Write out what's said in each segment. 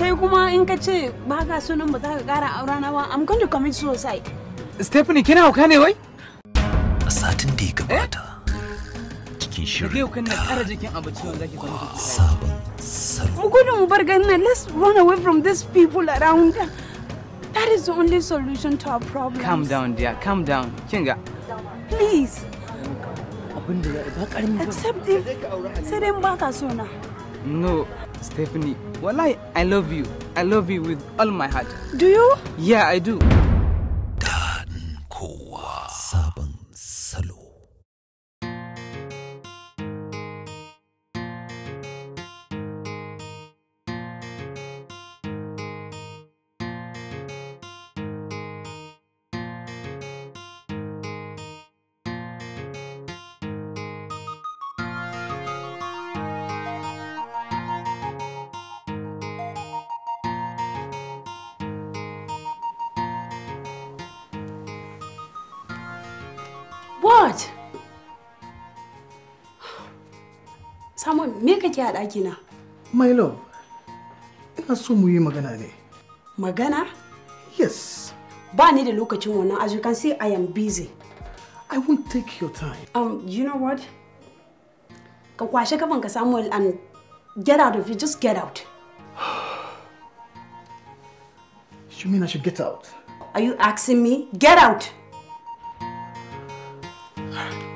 kai kuma in ka ce ba ka so nan ba za ka kara aura na ba I'm going to commit suicide Stephanie kina hauka ne wai a satin da ya gabata cikin eh? shirin ta na kara jikin abu ciwon zaki samu sabon sabon. mu gudu mu bar ganin let's run away from these people around that is the only solution to our problem calm down dear calm down kinga please Abinda ba karmi ba accept it sai dai ba ka so na no Stephanie, well, I love you. I love you with all my heart. Do you? Yeah, I do. a My love, ina so mu yi magana ne. Magana? Yes. Ba ni da lokacin wannan as you can see I am busy. I won't take your time. Um, you know what? Ka kwashe kafan Samuel and get out of here, just get out. you mean I should get out? Are you asking me? Get out!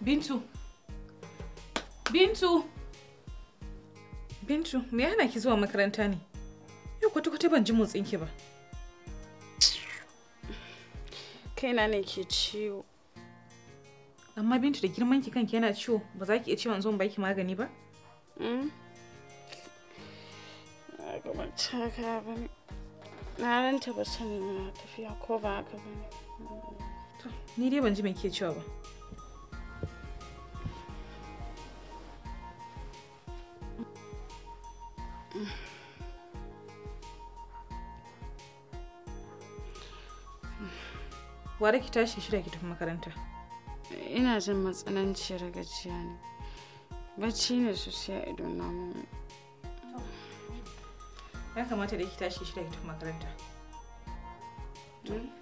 Bintu. Bintu. Bintu, me yana ki zuwa makaranta ne? Yau kwata-kwata ban ji motsin ki ba. Kaina ne ke ciwo. Amma Bintu da girman ki kanki yana ciwo, ba za ki iya cewa zo baki magani ba? Mm. Na ranta ba sanin na tafiya ko ba haka ba ne. Ni dai ban ji me ke cewa ba. gwada ki tashi shirya ki tafi makaranta ina jin matsananciyar gajiya ne bacci ne sosai a idon namun ya kamata da ki tashi shirya ki tafi makaranta hmm?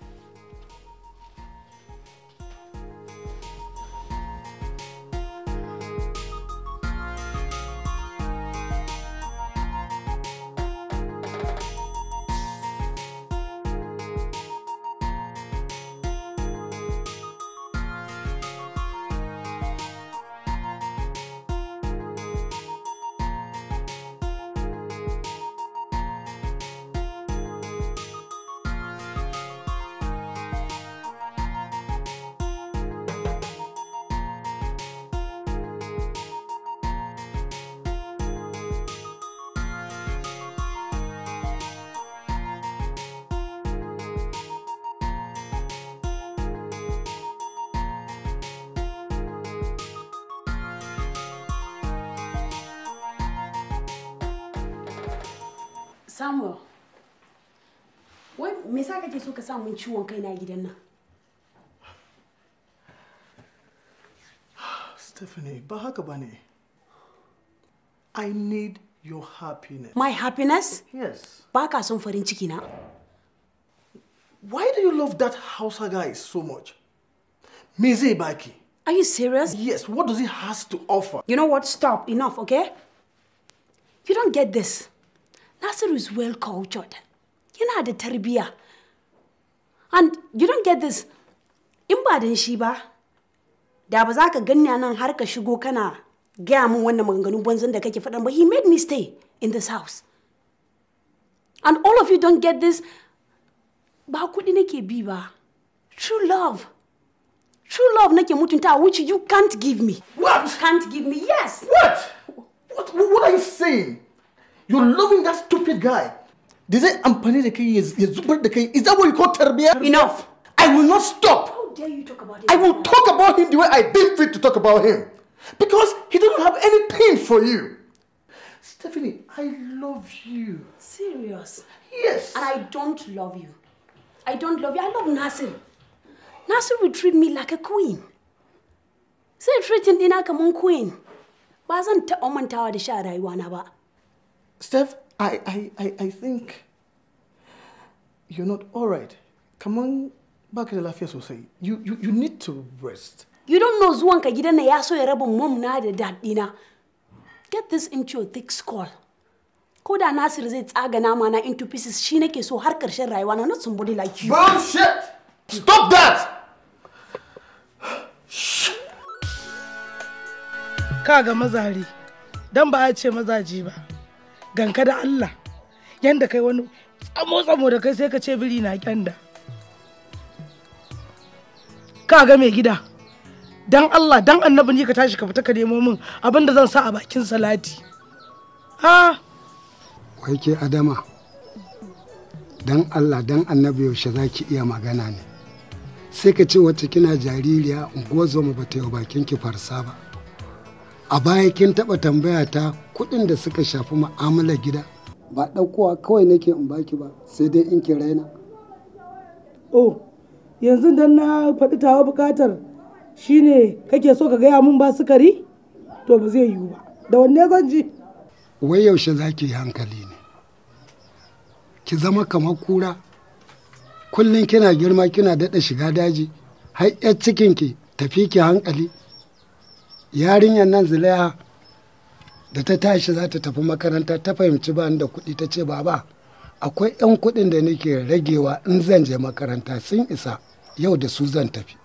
me yasa kake so ka sa mun ciwon kai na gidan nan Stephanie ba haka bane I need your happiness My happiness Yes ba ka son farin ciki na Why do you love that Hausa guy so much Mize baki Are you serious? Yes, what does he has to offer? You know what? Stop. Enough, okay? You don't get this. Nasser is well cultured. yana da tarbiya and you don't get this in ba dan shi ba da ba za ka ganya nan har ka shigo kana gaya min wannan maganganun banzan da kake faɗan ba he made me stay in this house and all of you don't get this ba kuɗi nake bi ba true love true love nake mutunta which you can't give me what you can't give me yes what what, what are you saying you're loving that stupid guy is that what you call terbia? enough i will not stop how dare you talk about him i will talk about him the way i deem fit to talk about him because he doesn't have any pain for you stephanie i love you serious yes and i don't love you i don't love you i love nasir nasir will treat me like a queen Say, treating dina kaman queen ba zan taɓa mantawa da shi a rayuwana steph I, I, I, I think you're not all right. Kaman baka da lafiya sosai. You, you, you need to rest. You don't know zuwanka gidan na ya so ya raba mom na da dina. Get this into your thick skull. Ko da Nasir zai tsaga nama na into pieces shi nake so har karshen rayuwa na not somebody like you. shit. Stop that! Kaga mazari, dan ba a ce mazaji ba. ganka da Allah yanda kai wani tsamo tsamo da kai sai ka ce biri na kyanda ka ga mai gida dan Allah dan annabi ni ka tashi ka fita ka nemo min abinda zan sa a bakin salati ha wai ke adama dan Allah dan annabi yaushe zaki iya magana ne sai ka ce wacce kina jaririya ungozo mu bata ta yi bakin ki farsa ba a baya kin taɓa tambaya ta kuɗin da suka shafi ma'amala gida ba ɗaukowa kawai nake in baki ba sai dai in ki raina oh yanzu dan na faɗi tawa bukatar shine kake so ka gaya mun ba sukari to ba zai yiwu ba da wanne zan ji wai yaushe za ki yi hankali ne ki zama kamar kura kullum kina girma kina daɗa shiga daji har 'yar cikinki tafi ki hankali yarinyar nan zulaya da ta tashi za ta tafi makaranta ta fahimci ba da kuɗi ta ce baba akwai 'yan kuɗin da nake ragewa in zan je makaranta sun isa yau da su zan tafi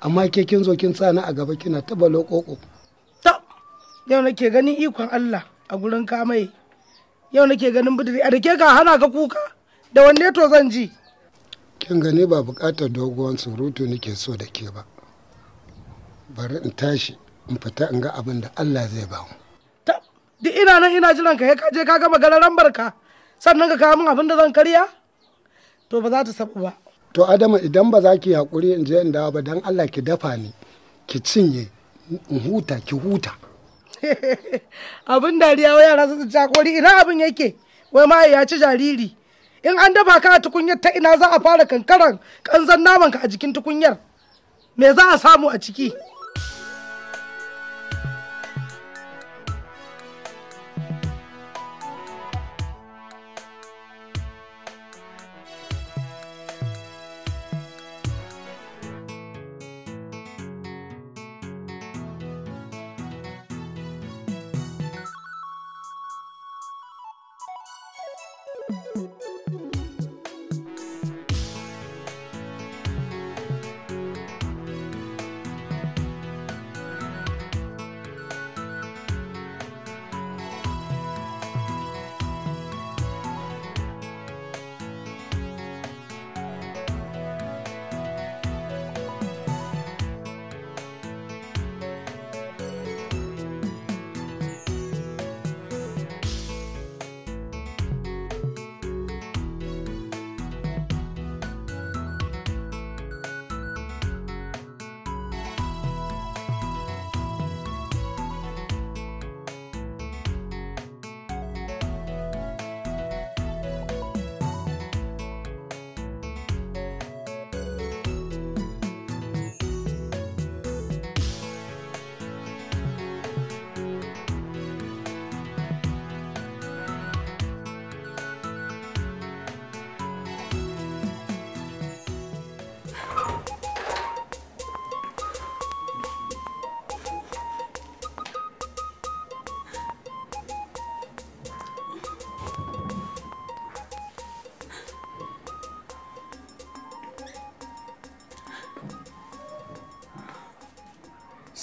amma ke kin zo kin tsana a gaba kina taba koko to yau nake ganin ikon Allah a gurin kamai yau nake ganin budiri a dake ka hana ka kuka da wanne to zan ji kin gani ba bukatar doguwan surutu nake so da ke ba bari in tashi in fita in ga abin da Allah zai ba mu duk ina nan ina jiran ka ka je ka gama gararan barka sannan ka kawo min abin da zan karya to ba za ta sabu ba to adama idan ba za ki haƙuri in je in dawo ba dan Allah ki dafa ni ki cinye in huta ki huta abin dariya wa yara su ci hakuri ina abin yake wai ma ya ci jariri in an dafa ka a tukunyar ta ina za a fara kankaran kanzan naman ka a jikin tukunyar me za a samu a ciki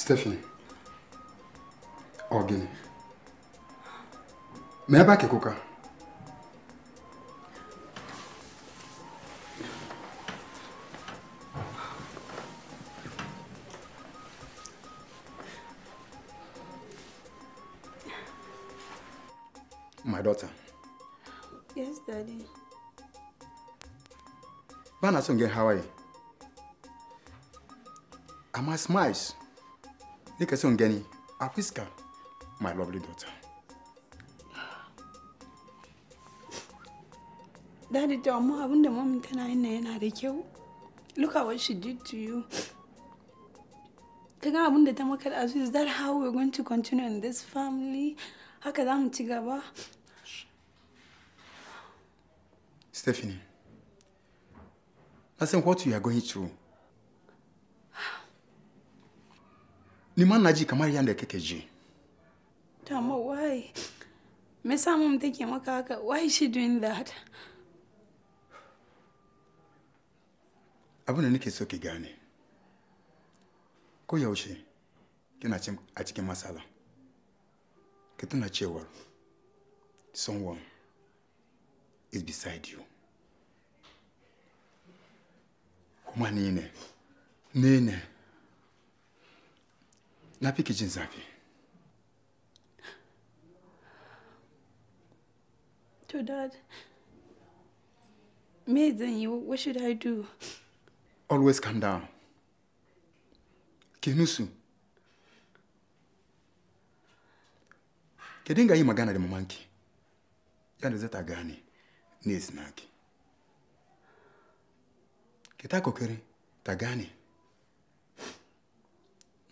Stephanie ọ may I ebe a cooker? my daughter. Yes, Daddy. Bana Sunge, how are you? Am I smiles? Nikese Ngeni, Apriska, my lovely daughter. Daddy, to amma abin da mom tana yin yana da kyau. Look at what she did to you. Kaga abin da ta maka da Is that how we're going to continue in this family? Haka za mu ci gaba. Stephanie, listen. what you are going through ni ma na ji kamar yadda kake ji dama why me sa mom take maka haka why she doing that abin da nake so ki gane ko yaushe kina cin a cikin masala ki tuna cewar someone is beside you kuma ni ne ne ne Na fi jin zafi. To dad, me zan yi, what should I do? Always calm down. Kinusu. Ki dinga yi magana de mamanki. Yana zeta gani, ni ne Kita Ki ta kokari ta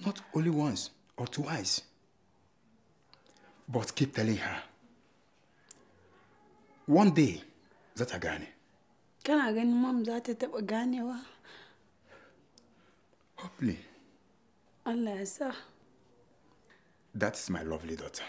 not only once or twice. But keep telling her. One day, Can I get Kana ganin mom za a taɓa ganewa? Hopefully. Allah sir. That is my lovely daughter.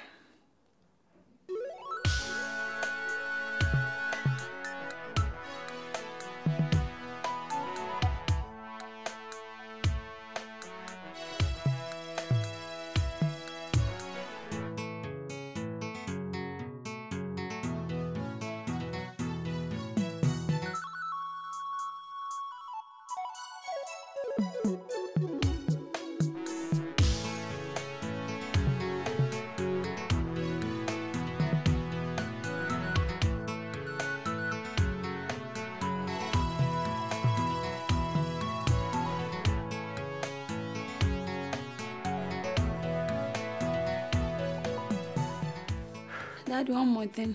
daddy one more thing.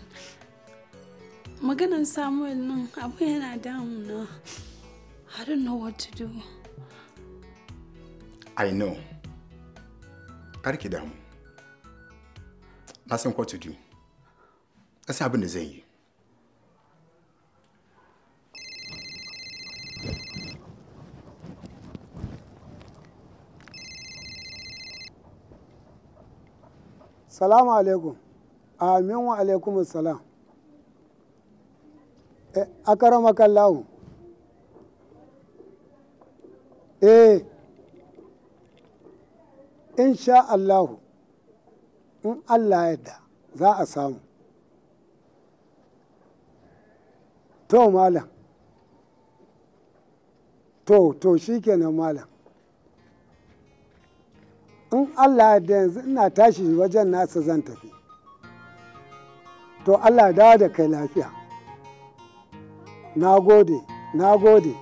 Maganan Samuel nan abin yana damuna. I don't know what to do. I know. Karki damu. Na san what to do. Na san abin da zai yi. Salamu alaikum. Amin wa alaikum salam. E, eh, akaramakallahu. Eh. in sha Allahu in Allah yadda za a samu to malam to to shi kenan malam in Allah da yanzu ina tashi wajen nasa zan tafi to Allah dawo da kai lafiya na gode na gode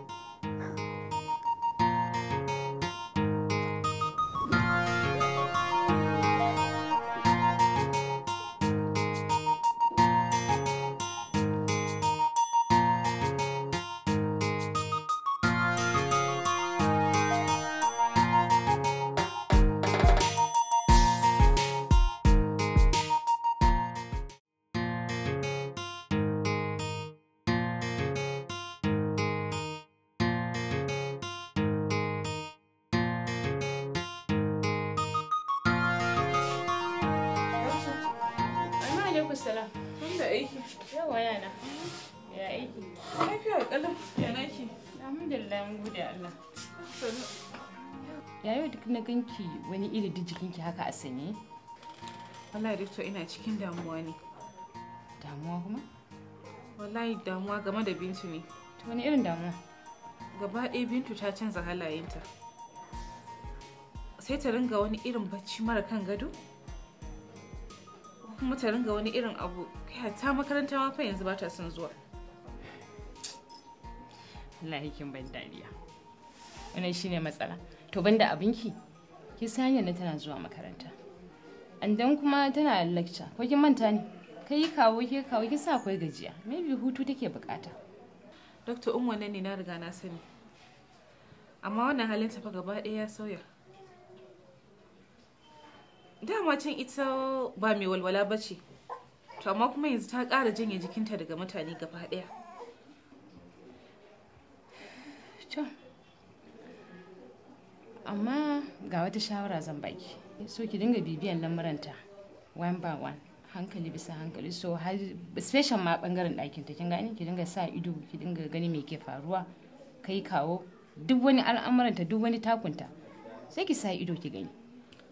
haka a sanyi? Wallahi Rito ina cikin damuwa ne. Damuwa kuma? Wallahi damuwa game da Bintu ne. To wani irin damuwa? Gaba ɗaya Bintu ta canza halayenta. Sai ta ringa wani irin bacci mara kan gado? Kuma ta ringa wani irin abu, kai ta makaranta ma fa yanzu ba ta son zuwa. Allah kin ban dariya. Wannan shine matsala. To banda abinki, ki san yadda tana zuwa makaranta and kuma tana lecture ko kin manta ne kai kawo ke kawo ki sa akwai gajiya maybe hutu take bukata Dr. Umma ne na riga na sani amma wannan halin ta fa gaba ɗaya ya sauya dama can ita ba mai walwala bace to amma kuma yanzu ta ƙara janye jikinta daga mutane gaba ɗaya amma ga wata shawara zan baki so ki dinga bibiyan lamuranta one by one hankali bisa hankali so har special ma bangaren ɗakin ta kin gani ki dinga sa ido ki dinga gani me ke faruwa kai kawo duk wani al'amuranta duk wani takunta sai ki sa ido ki gani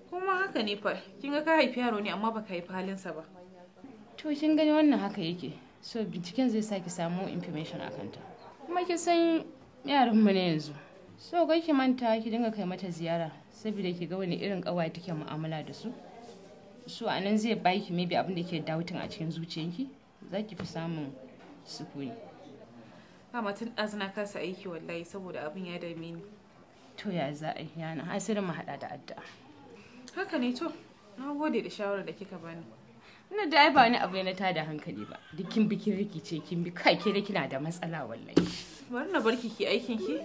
kuma haka ne fa kin ga ka haifi yaro ne amma baka haifi halinsa ba to kin gani wannan haka yake so binciken zai sa ki samu information akan ta kuma kin san yaran mu ne yanzu so kai ki manta ki dinga kai mata ziyara saboda ki ga wani irin ƙawaye take mu'amala da su so a nan zai baki maybe abin da ke doubting a cikin zuciyanki za ki fi samun sukuni amma tun ɗazuna kasa aiki wallahi saboda abin ya dame ni to ya za a yi yana asirin mu haɗa da addu'a haka ne to na gode da shawarar da kika bani ina da ai ba wani abu na tada hankali ba dukkin bikin rikice kin bi kai ke da kina da matsala wallahi bari na barki ki aikin ki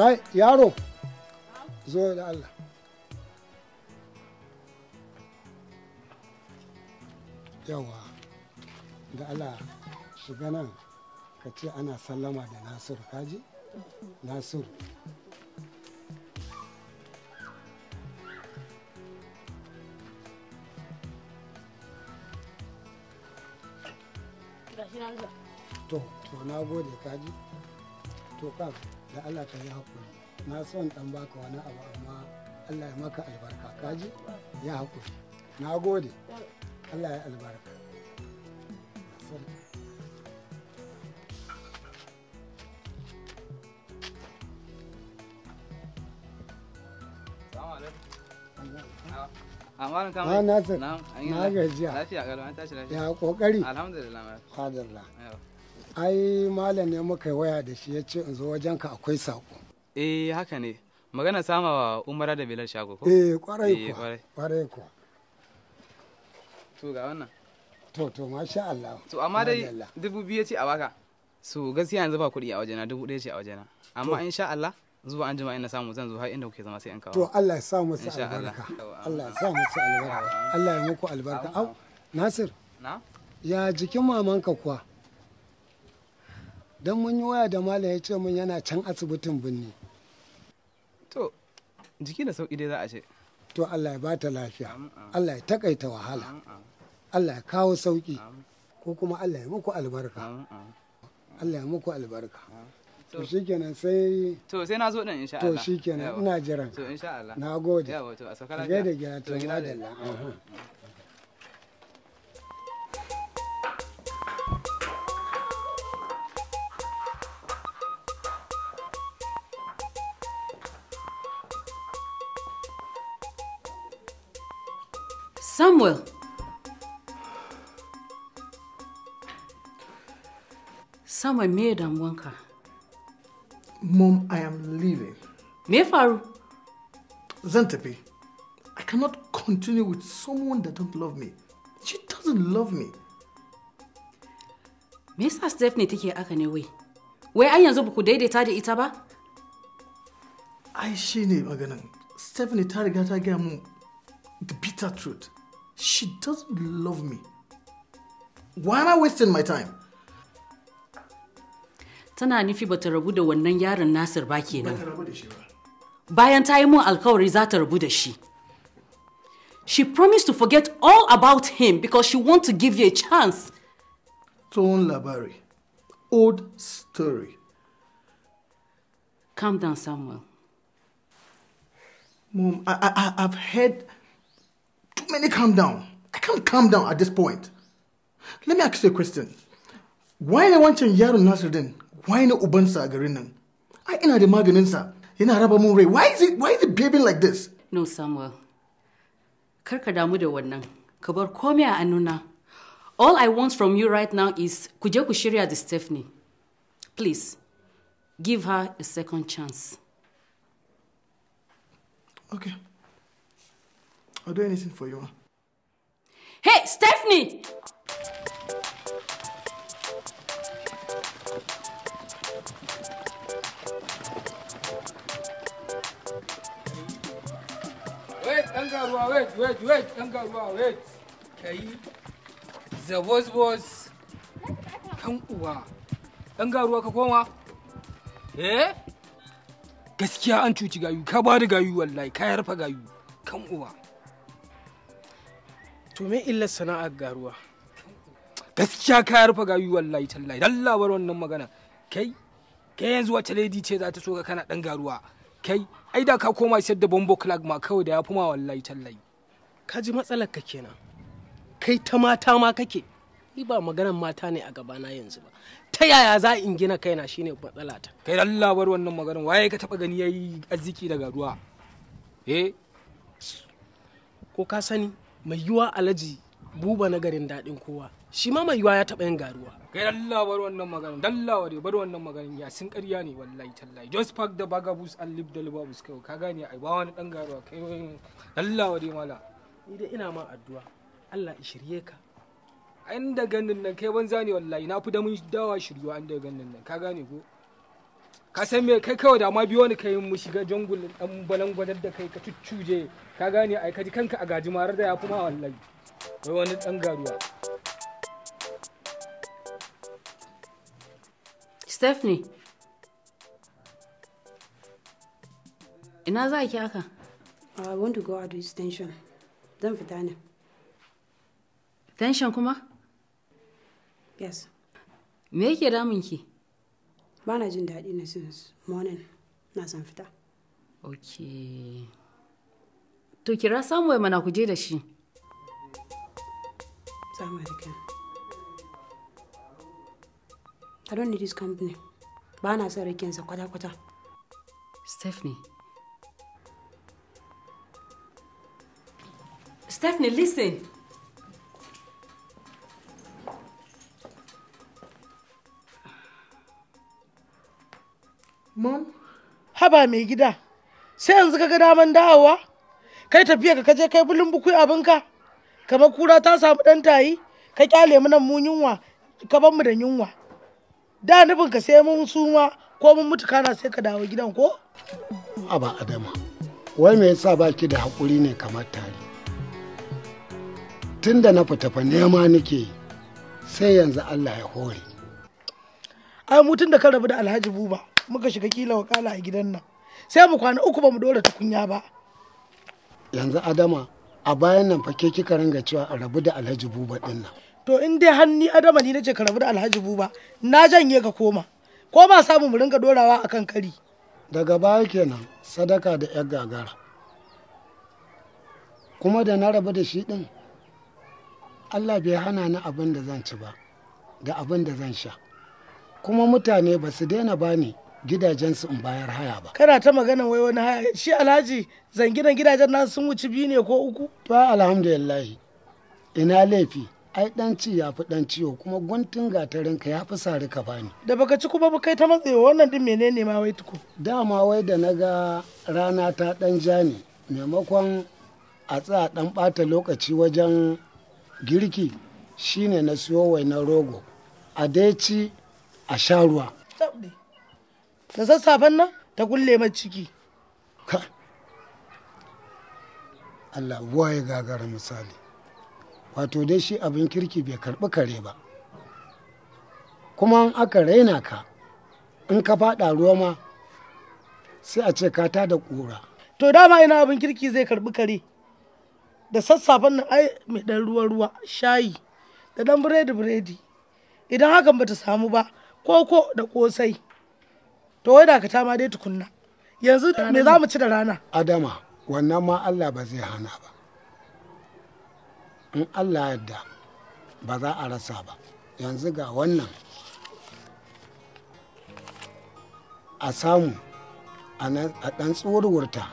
kai yaro zo da Allah yawa da Allah shiga nan ka ce ana sallama da nasiru kaji nasiru to to na gode kaji to kaji da Allah ka yi hakuri na son dan baka wani abu amma Allah ya maka albarka kaji ya hakuri na gode Allah ya albarka Amma na gajiya. Lafiya ƙalau an tashi lafiya. Ya ƙoƙari. Alhamdulillah. Alhamdulillah. ai malam ne muka waya da shi ya ce in zo wajenka akwai saƙo eh haka ne magana sama wa umara da bilal shago ko eh kwarai eh, kuwa kwarai kuwa to ga wannan to to masha Allah to amma dai dubu biyu ce a baka so gaskiya yanzu ba kuɗi a wajena dubu ɗaya ce a wajena amma insha Allah zuwa an jima na samu zan zo har inda kuke zama sai in kawo to Allah ya sa musu albarka Allah ya sa musu albarka Allah ya muku albarka au Nasir na ya jikin mamanka kuwa don mun yi waya da malam ya ce mun yana can asibitin binni. to jiki da sauki dai za a ce to allah ya ba ta lafiya allah ya takaita wahala allah ya kawo sauki ko kuma allah ya muku albarka allah ya muku albarka to shi kenan, sai to sai na zo din insha Allah to kenan ina jiran to insha Allah na gode yawa to a sakala ga da gida to gida da Allah Samuel! Samuel me wanka. Mom, I am leaving. Me faru? Zan tafi. I cannot continue with someone that don't love me. She doesn't love me. Me sa Stephanie take aka ne wai? Wai an yanzu ba ku daidaita da ita ba? Ai shi ne maganan. Stephanie ta riga ta gaya mun the bitter truth. She doesn't love me. Why am I wasting my time? Tana nufi bata rabu da wannan yaron Nasir ba kenan. Bata rabu da shi ba. Bayan ta yi mun alkawari za ta rabu da shi. She promised to forget all about him because she wants to give you a chance. Tone Labari. Old story. Calm down, Samuel. Mom, I, I, I've heard Too many calm down. I can't calm down at this point. Let me ask you a question. Why ne wancan yaron Nasiruddin? Why ne ubansa sa garin nan? Ai ina da maganinsa. Ina raba mun rai. Why is it why is it behaving like this? No Samuel. Kar ka damu da wannan. Ka bar komai a annuna. All I want from you right now is ku je ku shirya da Stephanie. Please, give her a second chance. Okay. I'll do anything for you, ma. Hey, Stephanie! Wait, Wa, wait, wait, wait, Wa, wait. Kai, zabos bos, kan uwa. garuwa ka koma? Eh? Gaskiya an cuci gayu, ka ba da gayu wallahi, ka yarfa gayu, kan uwa. to me illar sana'ar garuwa gaskiya ka rufe gayu wallahi tallahi Allah bar wannan magana kai kai yanzu wata lady ce za ta so ka kana dan garuwa kai ai da ka koma sayar da bombo clag ma kawai da yafi ma wallahi tallahi ka ji matsalar ka kenan kai ta mata ma kake ni ba maganar mata ne a gaba na yanzu ba ta yaya za in gina kaina shine matsala ta kai Allah bar wannan maganar waye ka taba gani yayi arziki daga ruwa eh ko ka sani mai yiwa alhaji buba na garin daɗin kowa shi ma mai yiwa ya taɓa yin garuwa kai dalla bar wannan magana dalla ware bar wannan magana ya sun ƙarya ne wallahi tallahi just pack the bagabus and leave the lubabus kai ka gane ai ba wani dan garuwa kai dalla dai mala ni dai ina ma addu'a Allah ya shirye ka an da ganin nan kai banza ne wallahi na fi da mun dawa shiryo an da ganin nan ka gane ko ka san me kai kawai da ma biyo ni kai mu shiga jungle dan balangwadar da kai ka tuccuje ka gane ai ka ji kanka a gaji marar da ya kuma wallahi wai wani dan garuwa Stephanie ina za ki haka I want to go out with tension zan fita ne tension kuma yes me yake damun ki ba na jin daɗi na since morning na san fita ok to kira samuwa mana ku je da shi samuwa da kan i don't need this company ba na son rikinsa kwata-kwata stephanie stephanie listen mom haba mai gida sai yanzu ka ga daman dawowa kai tafiya ka kaje kai bulun bukui abinka kamar kura ta samu dan tayi ka kyale mu nan mun yunwa ka bar mu da yunwa da nufin ka sai mun suma ko mun mutu kana sai ka dawo gidan ko aba adama wai me yasa baki da hakuri ne kamar tare tunda na fita fa nema nake sai yanzu Allah ya hore ai mutun da ka rabu da Alhaji Buba muka shiga kila wakala a gidan nan sai mu kwana uku ba mu dora tukunya ba yanzu adama a bayan nan fa ke kika ranga cewa a rabu da alhaji buba din nan to in dai hanni adama ni nace ka rabu da alhaji buba na janye ka koma ko ba samu mu ringa dorawa akan kari daga baya kenan sadaka da yar gagara kuma da na rabu da shi din Allah bai hana ni abin da zan ci ba da abin da zan sha kuma mutane ba su daina bani gidajensu in bayar haya ba. Kana ta magana wai wani haya shi alhaji zanginan gidajen nan sun wuci biyu ne ko uku? To alhamdulillah ina laifi ai dan ci ya fi dan ciwo kuma guntun gatarin ka ya fi sari ka bani. Da baka ci kuma ba kai ta matsewa wannan din menene ma wai tuku? Dama wai da na ga rana ta dan ja ne maimakon a tsaya dan bata lokaci wajen girki shine na siyo na rogo a dai ci a sha ruwa. da sassafen nan ta kulle mai ciki Allah waye gagara misali wato dai shi abin kirki bai karɓi kare ba kuma an aka raina ka in ka faɗa ruwa ma sai a ce ka ta da ƙura to dama ina abin kirki zai karbi kare da sassafen nan ai mai ɗan ruwa-ruwa shayi da ɗan biredi-biredi idan hakan bata samu ba koko da ƙosai to wai dakata ma dai tukunna yanzu me za mu ci da rana adama wannan ma allah ba zai hana ba in allah yadda ba za a rasa ba yanzu ga wannan a samu a ɗan tsurwurta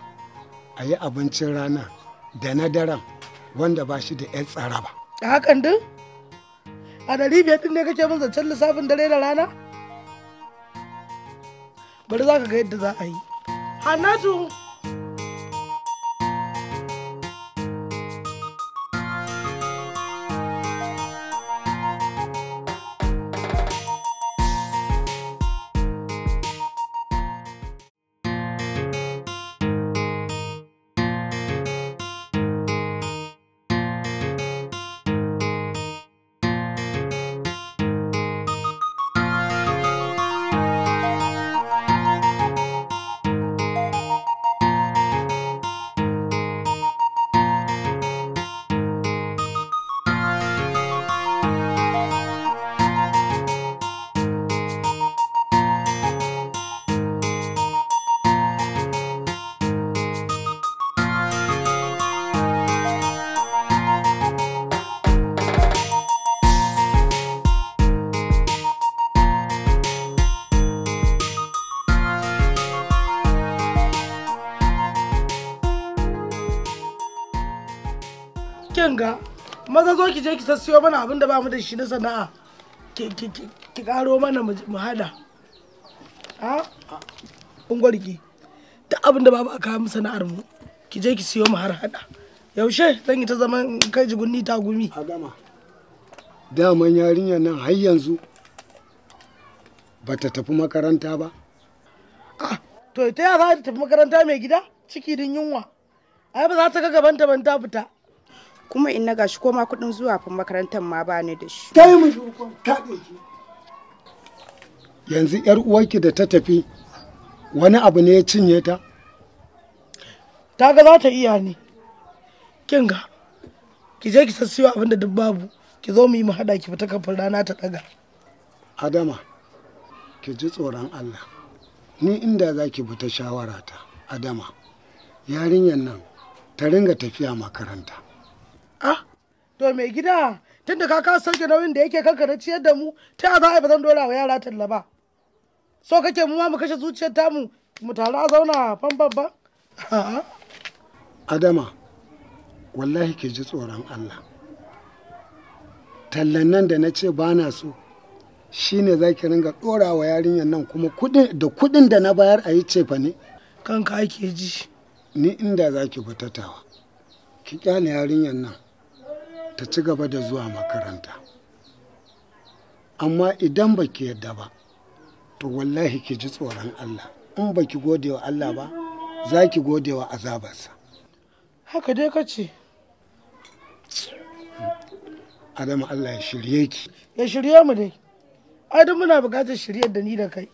a yi abincin rana da na daren wanda ba shi da 'yan tsara ba. A hakan din? A ɗari biyar ɗin ne kake min zancen lissafin dare da rana? bari za ka ga yadda za a yi hannatu zo ki je ki sassiyo mana abin da ba mu da shi na sana'a ki karo mana mu hada ha ungwarki ta abin da ba ba ka mu sana'ar mu ki je ki siyo mu har hada yaushe zan yi ta zaman kai jigunni ta gumi a gama yarinya nan har yanzu ba ta tafi makaranta ba ah to ita ya za ta tafi makaranta mai gida ciki din yunwa ai ba za ta ga ta ban ta fita kuma in na gashi koma kuɗin zuwa fa makarantar ma ba ni da shi. Ta yi mu Yanzu ‘yar uwarki da ta tafi wani abu ne ya cinye ta? Ta ga za ta iya ne. Kin ga, ki je ki sassiyo abin da duk babu, ki zo mu yi mu haɗa ki fita kafin rana ta ɗaga. Adama, ki ji tsoron Allah. Ni inda za ki fita ta, Adama, yarinyar nan ta ringa tafiya makaranta. ah to mai gida tunda ka kasa sauke nauyin da yake kanka na ciyar da mu ta za a ba zan dora wa yara talla ba so kake mu ma mu kashe zuciyar tamu mu tare a zauna fan ba adama wallahi ke ji tsoron allah tallan nan da na ce ba na so shi ne za ki ringa dora wa yarinyar nan kuma da kuɗin da na bayar a yi cefa ne kanka ake ji ni inda za ki fitatawa ki kyale yarinyar nan ta ci gaba da zuwa makaranta amma idan ba ki yadda ba to wallahi ki ji tsoron Allah in ba ki gode wa Allah ba za ki gode wa azabarsa haka dai ka ce Adamu Allah ya shirye ki ya shirye mu dai Adamu muna buƙatar shiryar da ni da kai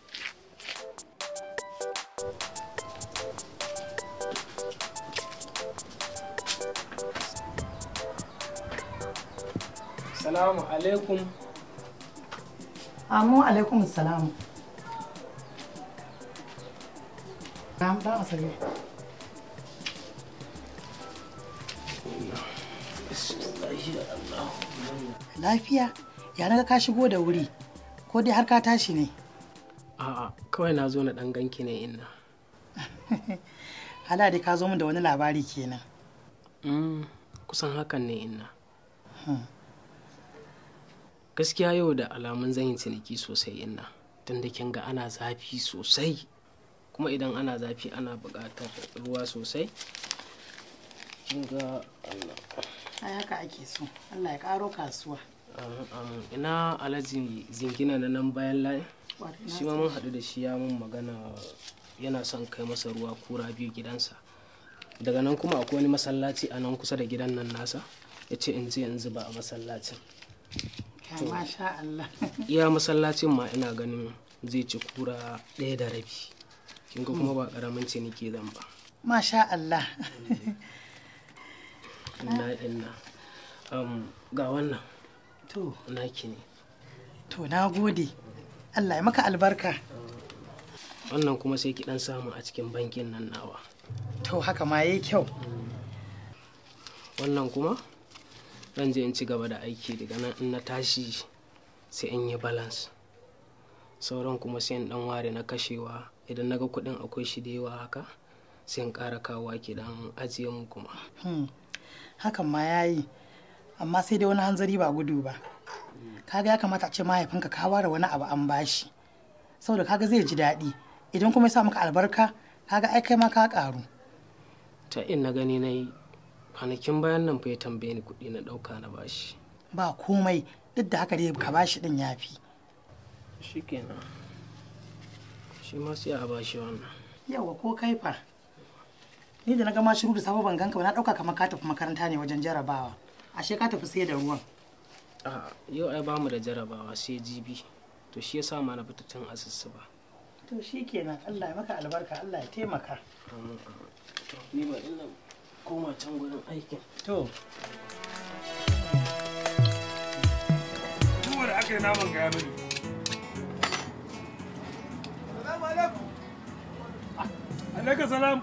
Salamu alaikum. Amu alaikum salamu. Lafiya, ya naga ka shigo da wuri, ko dai har ka tashi ne? A'a, kawai na zo na ɗan ganki ne inna. Hala dai ka zo min da wani labari kenan. Mm, kusan hakan ne inna. Hmm. gaskiya yau da alamun zan yi ciniki sosai inna tun da kin ga ana zafi sosai kuma idan ana zafi ana buƙatar ruwa sosai kin ga Allah ai haka ake so Allah ya karo kasuwa ina alaji zingina na nan bayan layi shi ma mun haɗu da shi ya mun magana yana son kai masa ruwa kura biyu gidansa daga nan kuma akwai wani masallaci a nan kusa da gidan nan nasa ya ce in je in zuba a masallacin masha Allah iya masallacin ma ina ganin zai ci kura ɗaya da rabi kin ga kuma ba karamin nake zan ba masha Allah inna inna ga wannan to naki ne to na gode Allah ya maka albarka wannan kuma sai ki dan samu a cikin bankin nan nawa to haka ma yayi kyau wannan kuma zan je in ci gaba da aiki daga nan in na tashi sai in yi balance sauran kuma sai in dan ware na kashewa idan naga kuɗin akwai shi da yawa haka sai in ƙara kawo ake dan ajiye mu kuma hmm, hakan ma yayi amma sai dai wani hanzari ba gudu ba kaga ya kamata a ce mahaifinka ka ware wani abu an bashi saboda kaga zai ji daɗi idan kuma ya sa maka albarka kaga ai kai ma ka karu. ta in na gani nayi kwanakin bayan nan fa ya tambaye ni kuɗi na ɗauka na bashi ba komai duk da haka dai ka bashi ɗin ya fi shi kenan shi ma sai a bashi wannan yawa ko kai fa ni da na gama shiru da safe ban ganka ba na ɗauka kamar ka tafi makaranta ne wajen jarabawa ashe ka tafi sai da ruwan a yau ai bamu da jarabawa sai jibi to shi yasa ma na fita tun asusu ba to shi kenan Allah ya maka albarka Allah ya taimaka to ni ba koma can gurin aikin to duwar aka yi naman ga yaro salamu alaikum alaikum salam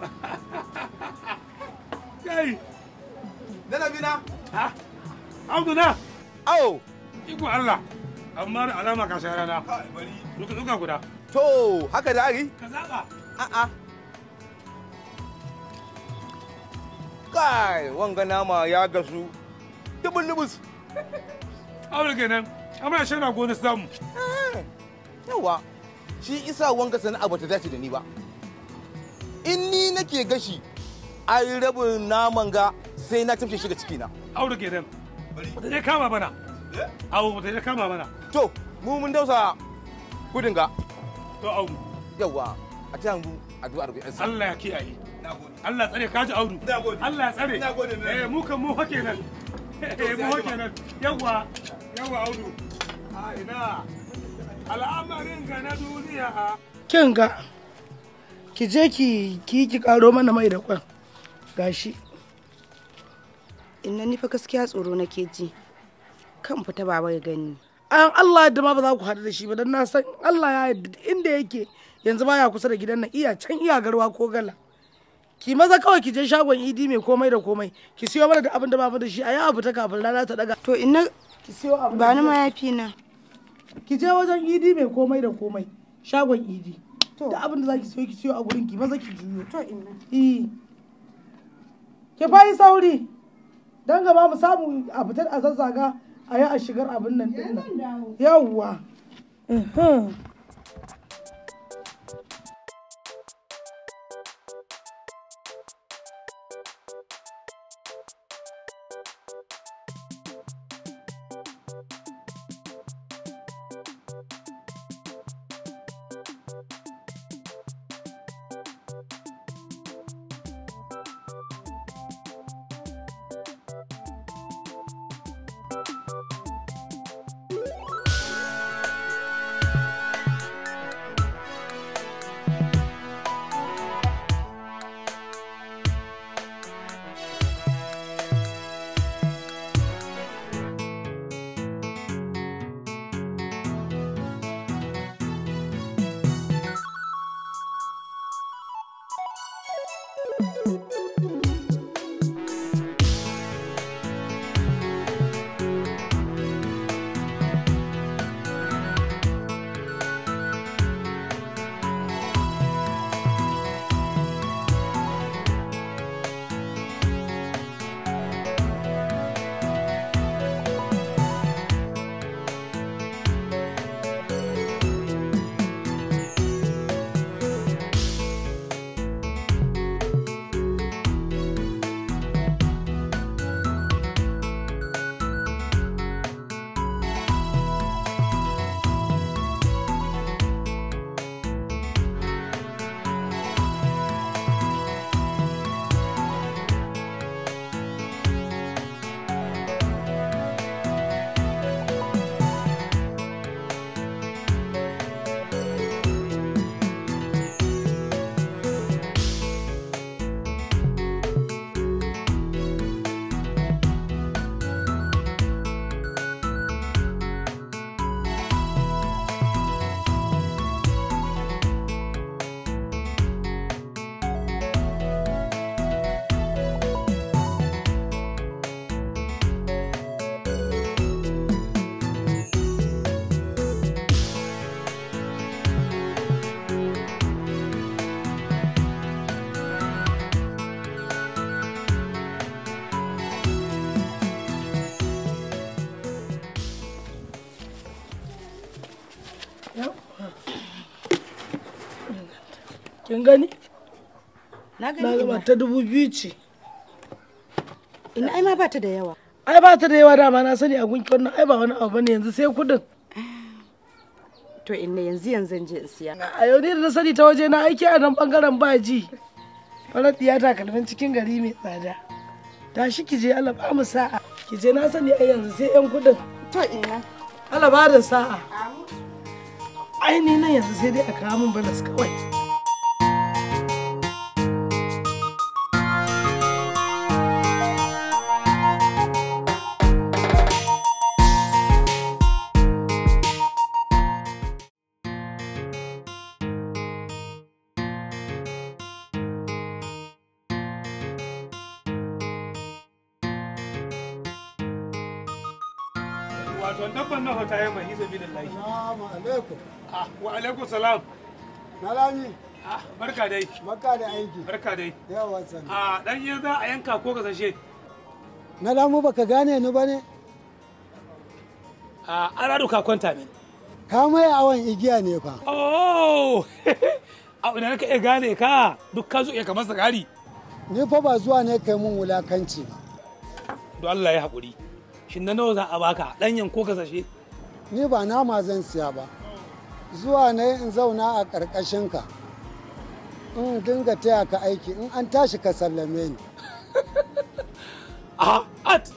kai dana bina ha audu na au iko allah amma da alama ka rana. na bari Duka duka guda to haka da ari ka zaba a'a kai wanga nama ya gasu dubul lubus aure kenan amma shi na gona samu yawa shi isa wanga sana'a bata dace da ni ba in ni nake gashi ai rabin naman ga sai na tafshe shi ga cikina aure kenan bata dai kama bana abu bata dai kama bana to mu mun dausa kudin ga to awo yawa a ta mu addu'ar bi Allah ya kiyaye Allah tsare ka ji audu Allah tsare eh mu kan mu hake nan eh mu hake nan yawa yawa audu a ina al'amarin ga na duniya kin ga ki je ki ki ki karo mana mai da kwan gashi inna ni fa gaskiya tsoro nake ji kan fita baba ya gani an Allah da ma ba za ku haɗu da shi ba don na san Allah ya inda yake yanzu baya kusa da gidan nan iya can iya garwa ko gala ki maza kawai ki je shagon idi mai komai da komai ki siyo mana da abin da ba da shi a yi abu ta kafin rana ta daga to ina ki siyo abu ba ni mayafi na ki je wajen idi mai komai da komai shagon idi da abin da zaki siyo ki siyo a gurin ki maza ki juyo to ina eh ki fayi sauri dan gaba mu samu a fitar a zazzaga a yi a shigar abin nan din nan eh, yawwa kin gani na gani ta dubu biyu ce ina ai ma bata da yawa ai bata da yawa dama na sani a gunki wannan ai ba wani abu bane yanzu sai kudin to inna yanzu yanzu je in siya a yau ne da na sani ta waje na aiki a nan bangaren baji farar diya takalmin cikin gari mai tsada tashi ki je Allah ba mu sa'a ki je na sani ai yanzu sai yan kudin to ina Allah ba da sa'a ai ni nan yanzu sai dai a kawo min balas kawai Wa alaikum salam. Nalami. Ah, barka dai. Barka da aiki. Barka dai. Yawa sani. Ah, a ɗanye za a yanka ko ka sashe? Na lamu baka gane ni ba ne? A ah, aradu ka kwanta ne. Ka mai awon igiya ne fa. Oh! A ina ka iya gane ka duk ka zo iya kamar sakari. Ni fa ba zuwa ne kai mun wulakanci ba. Don Allah ya haƙuri. Shin na nawa za a baka ɗanyen ko ka sashe? Ni ba nama zan siya ba. zuwa ne in zauna a ƙarƙashinka in dinga taya ka aiki in an tashi ka sallame ni a ah, at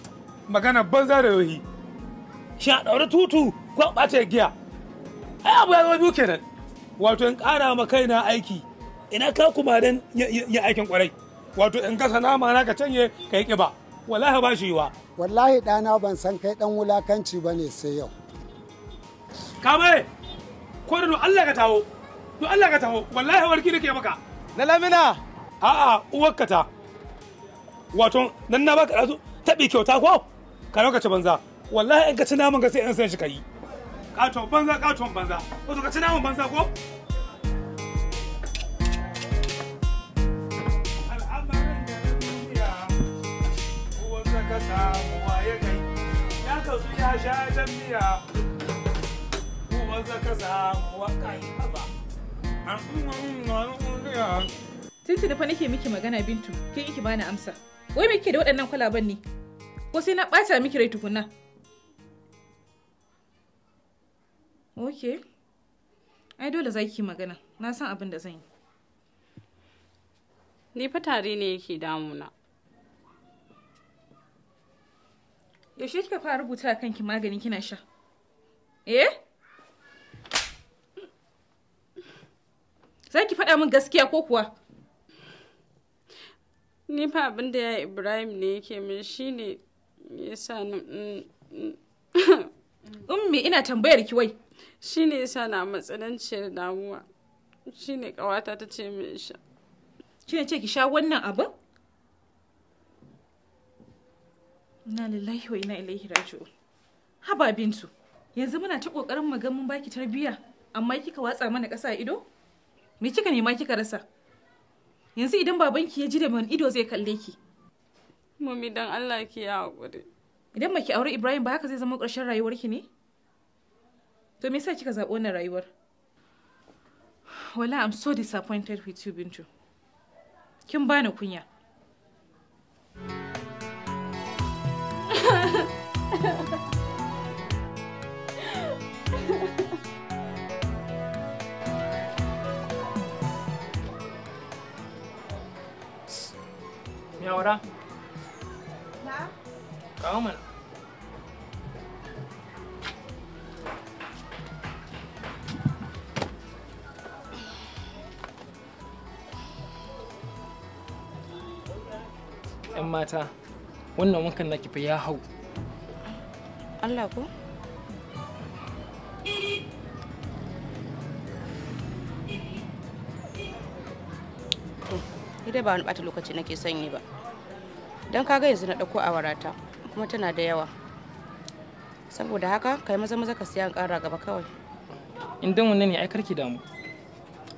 magana banza da yohi shi a ɗaure tutu ko ɓata giya ai abu ya zama biyu kenan wato in ƙara ma kaina aiki ina ka kuma dan yin aikin kwarai wato in gasa nama na ka canye ka yi ƙiba wallahi ba shi yiwa wallahi ɗana ban san kai ɗan wulakanci ba ne sai yau kame ko da Allah ka taho to Allah ka taho wallahi warki nake maka na lamina a'a uwarka ta wato nan na baka dazu tabi kyauta ko ka lokaci banza wallahi in ka ci naman ka sai in san shi kai Kato banza katon banza wato ka ci naman banza ko ka samu waye kai ya kasu ya sha jan miya maza da fa nake miki magana Bintu, kin ki bani amsa. Wai me kike da waɗannan kwalaban ne? Ko sai na ɓata miki rai tukunna? Ok. Ai dole za ki magana. Na san abin da zan yi. Ni fa tare ne yake damuna. Yaushe kika fara rubuta kanki maganin kina sha? Eh? za ki faɗa min gaskiya ko kuwa ni fa abin da ya ibrahim ne yake min shi ya yasa ni ummi ina tambayar ki wai ya sa na matsananciyar damuwa ne kawata ta ce min sha ne ce ki sha wannan abin Ina lillahi wa ina ilaihi raju. Haba Bintu, yanzu muna ta kokarin mu baki tarbiyya, amma kika watsa mana ƙasa ido? me kika nema kika rasa yanzu idan babanki ya ji da man ido zai kalle ki mami dan Allah ki ya hakuri idan baki aure Ibrahim ba haka zai zama ƙarshen ki ne to me yasa kika zaɓi wannan rayuwar wala I'm so disappointed with you Bintu kin bani kunya ahora. Cámela. ‘Yan mata, wannan wankan na kifi ya hau. Allah ko? Ni ba wani ɓata lokaci nake son yi ba. don kaga yanzu na ɗauko awarata kuma tana da yawa saboda haka kai maza maza ka siya kara gaba kawai idan wannan ne ai karki damu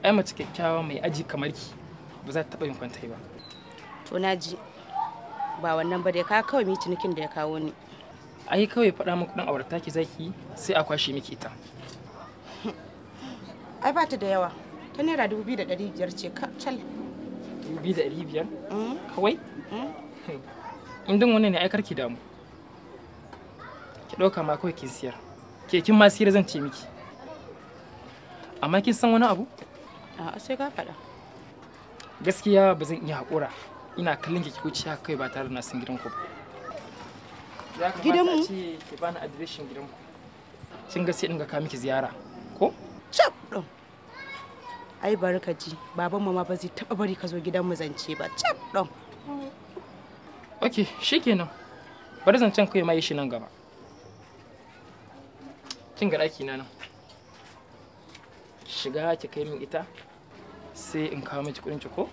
ai mace kyakkyawa mai aji kamar ki ba za ta taɓa yin kwantai ba to na ji ba wannan ba dai ka kawai mi cinikin da ya kawo ni ai kawai faɗa min kuɗin aurata ki zaki sai a kwashe miki ita ai ba ta da yawa ta naira dubu biyu da ɗari biyar ce kacal dubu biyu da ɗari biyar mm. kawai mm. in din wannan ne ai ki damu ki ɗauka ma kawai ki siyar ke kin ma siyar zan ce miki amma kin san wani abu a'a sai ka faɗa gaskiya ba zan iya haƙura ina kallon ki wuce haka kai ba tare da na gidan ku ba ya kamata ce ki bani adireshin gidanku kin ga sai in ga ka miki ziyara ko cap ɗin ai barkaji baban mu ma ba zai taɓa bari ka zo gidan mu zance ba cap ɗin ok shikenan bari zancen kai yi shi nan gaba kin ga ɗaki na nan shiga ki kai min ita sai in kawo miki kuɗin ki ko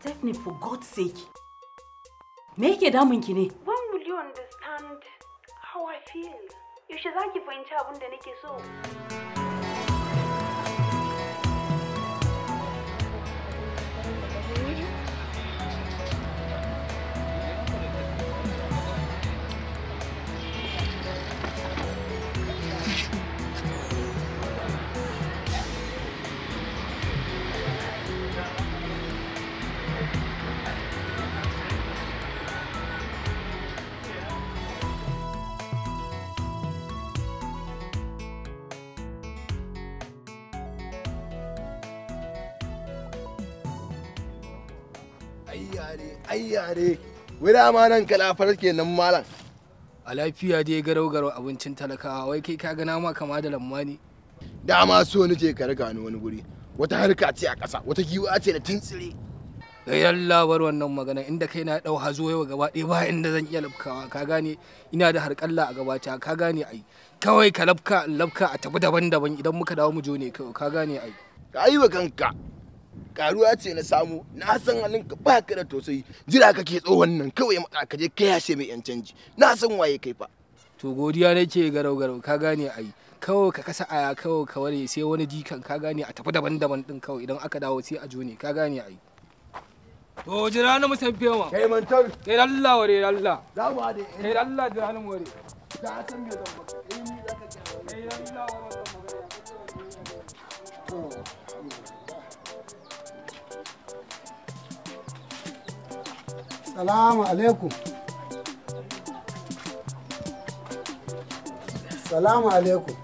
Stephanie, for God's sake. Make yake damunki ne? When will you understand how I feel? You should Yaushe za ki fahimci abin da nake so? lafiya dai wai dama nan kalafar kenan malam a lafiya dai garau garau abincin talakawa wai kai ka gana ma kama da lammani dama so ni je ka riga ni wani guri wata harka ce a ƙasa wata giwa ce da tuntsire eh, yalla labar wannan magana inda kai na dau hazo yau gaba ɗaya ba inda zan iya lafkawa ka gane ina da harƙalla a gabata ka gane ai kawai ka lafka lafka a tafi daban-daban idan muka dawo mu jone ne ka gane ai ka yi wa kanka karuwa ce na samu na san halin ka ba ka da tausayi jira kake tsohon nan kawai matsa ka je ka yashe mai yan canji na san waye kai fa to godiya nake garau garau ka gane ai kawai ka kasa aya kawai ka ware sai wani jikan ka gane a tafi daban-daban din kawai idan aka dawo sai a jo ne ka gane ai to jira na musan fema kai mantar kai Allah ware Allah za mu hade kai Allah jira na ware da san me zan baka kai ni zaka kai Allah ware Allah salamu alaikum salamu alaikum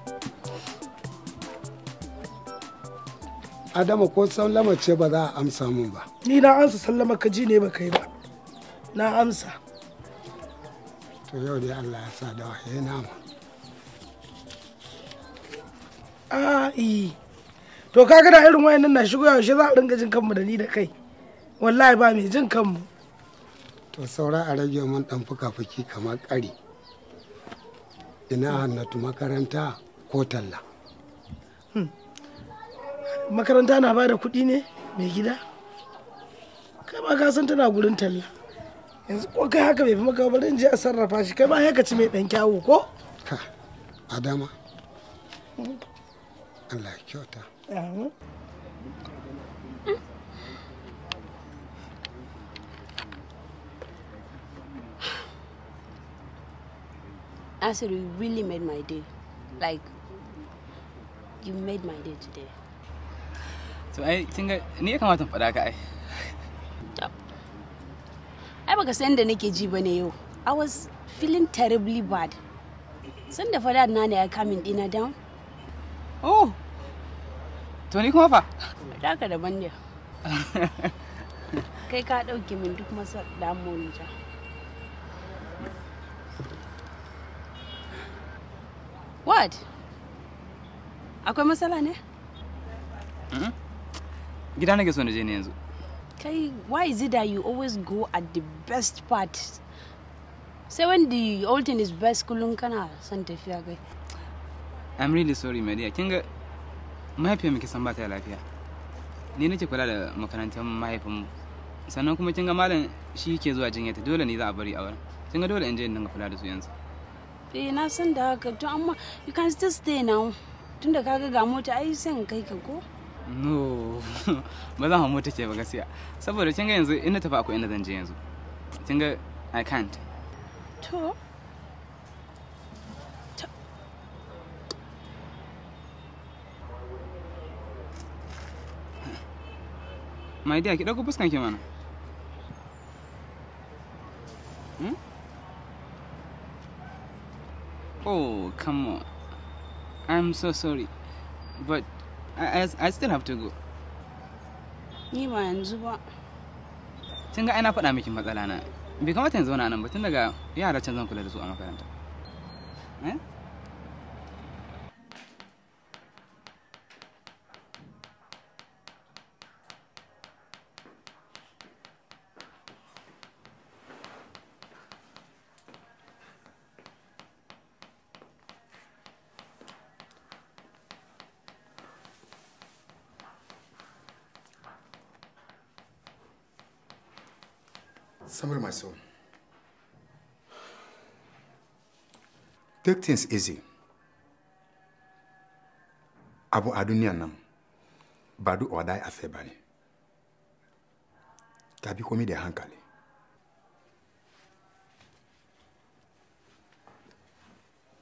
adama ko sallama ce ba za a amsa min ba ni na amsa sallama ka ji ne ba kai ba na amsa to yau dai allah ya sa da wahayi nama a to kaga da irin wayannan na shigo yaushe za a ringa jin kanmu da ni da kai wallahi ba mai jin kanmu to saura a rage man dan fuka-fuki kamar ƙari ina hannatu makaranta ko talla hmm. makaranta na bada kuɗi ne mai gida kai ba ka san tana gurin talla yanzu ko kai haka bai fi maka bari je a sarrafa shi kai ba haka ci mai dan kyawu ko adama Allah ya kyauta answer you really made my day like you made my day today So, I think I ni ya kamata in faɗa ka ai ai san da nake ji yau i was feeling terribly bad san da father na ne ya kamin dina down oh to I'm kuma fa da ka the house. kai ka to min to the house. What? Akwai matsala ne? Hmm? Gida nake so na je ne yanzu. Kai, why is it that you always go at the best part? say when the old thing is best kullum kana son tafiya kai. I'm really sorry, my dear. Kin ga mahaifiyar muke san ba ta lafiya. Ni nake kula da makarantar mahaifinmu. Sannan kuma kin ga malam shi ke zuwa jinyata dole ne za a bari a wurin. Kin ga dole in je in dinga kula da su yanzu. eh na san da haka to amma you can still stay now tun da kaga ga mota ai san kai ka ko no ba za mu mota ke ba gaskiya saboda kinga yanzu in na tafi akwai inda zan je yanzu kinga i can't to My dear, ki dauko fuskan ki mana. Hmm? Oh, come on. I'm so sorry. But I, I, I still have to go. Ni ma yanzu ba. Tun ga ana faɗa miki matsala na. Bai kamata yanzu wani nan ba tun daga yara can zan kula da su a makaranta. Eh? Samuel, my son. Take things easy. Abu adunia nam. Badu odai afebani. tabi komi de hankali.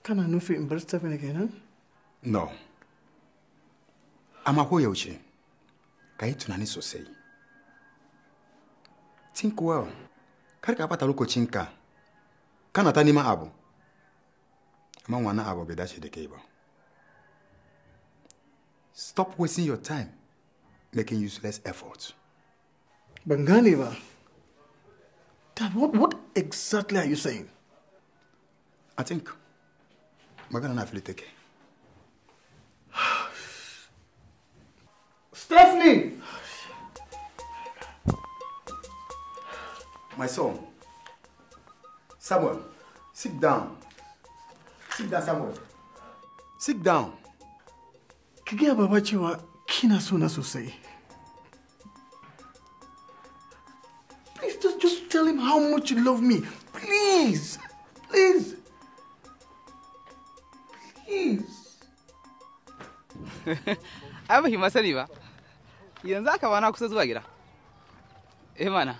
Kana nufi in bar Stephanie kenan? No. Amma ko yaushe, ka yi tunani sosai. Think well. kar ka bata lokacinka kana ta neman abu amma wannan abu bai dace da kai ba stop wasting your time making useless effort ban gane ba what, what exactly are you saying? I think magana na fili take. Stephanie! My son. Samuel, sit down. Sit down, Samuel. Sit down. Ki gaya baba cewa kina so na sosai. Please just, just tell him how much you love me. Please. Please. Please. Ai ba hima masani ba. Yanzu aka bana kusa zuwa gida. Eh mana.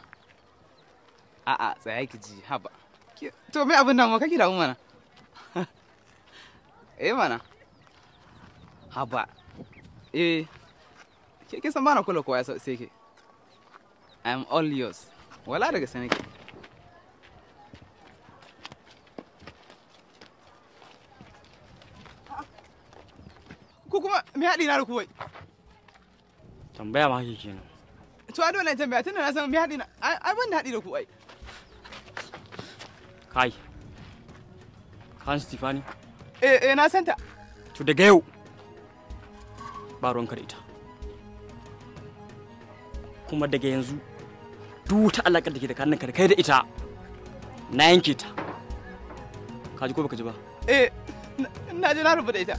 A'a tsaya ki ji haba. To me abin nan ma kake da mana? Eh mana. Haba. Eh. Ke ke san mana kula kowa sai ke. I'm all yours. Wala daga Sani ke. Ku kuma me haɗi na da kuwai? Tambaya ma kike kenan. To a dole tambaya tunda na san me haɗi na. Ai wanda da haɗi da ku ai. Kai. Kan Stefani. Eh eh na santa. To daga yau ba ruwanka da ita. Kuma daga yanzu duk wata alaƙar da ke da kanin kai da ita na yanke ta. Ka ji ko baka ji ba? Eh na ji na rubuta ita.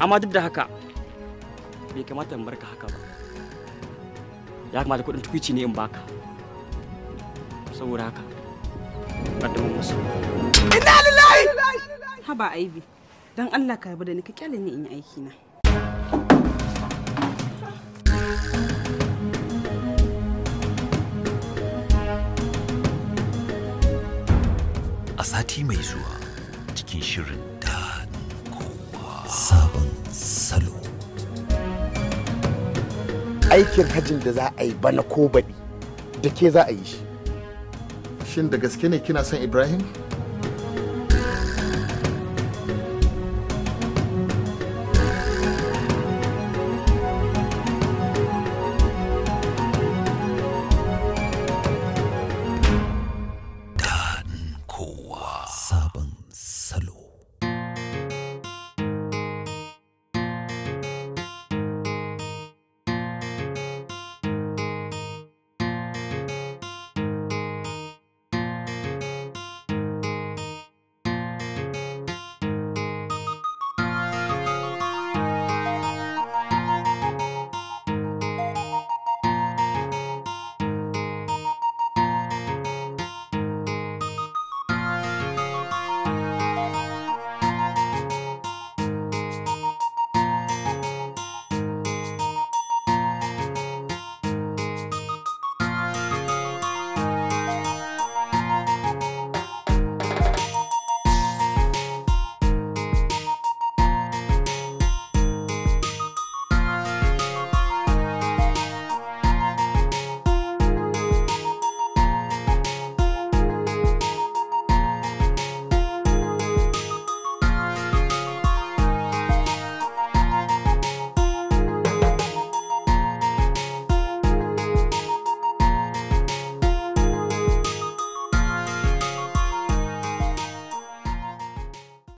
Amma duk da haka bai kamata in barka haka ba. ya kamata kudin tukwici ne in baka saboda haka addu'a musu inna lillahi haba aibi don allah ka yabu da ni ka kyale ni in yi aiki na a sati mai zuwa cikin shirin da kowa sabon aikin hajjin da za a yi bana ko baɗi da ke za a yi shi shin da gaske ne kina son ibrahim